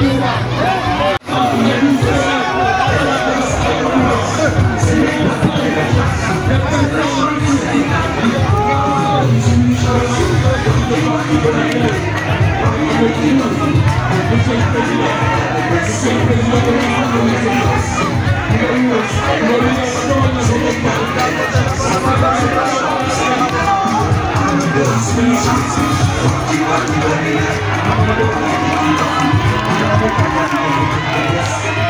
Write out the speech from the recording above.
Merci beaucoup. Yes.